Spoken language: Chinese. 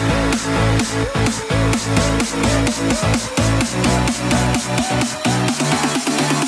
Yeah.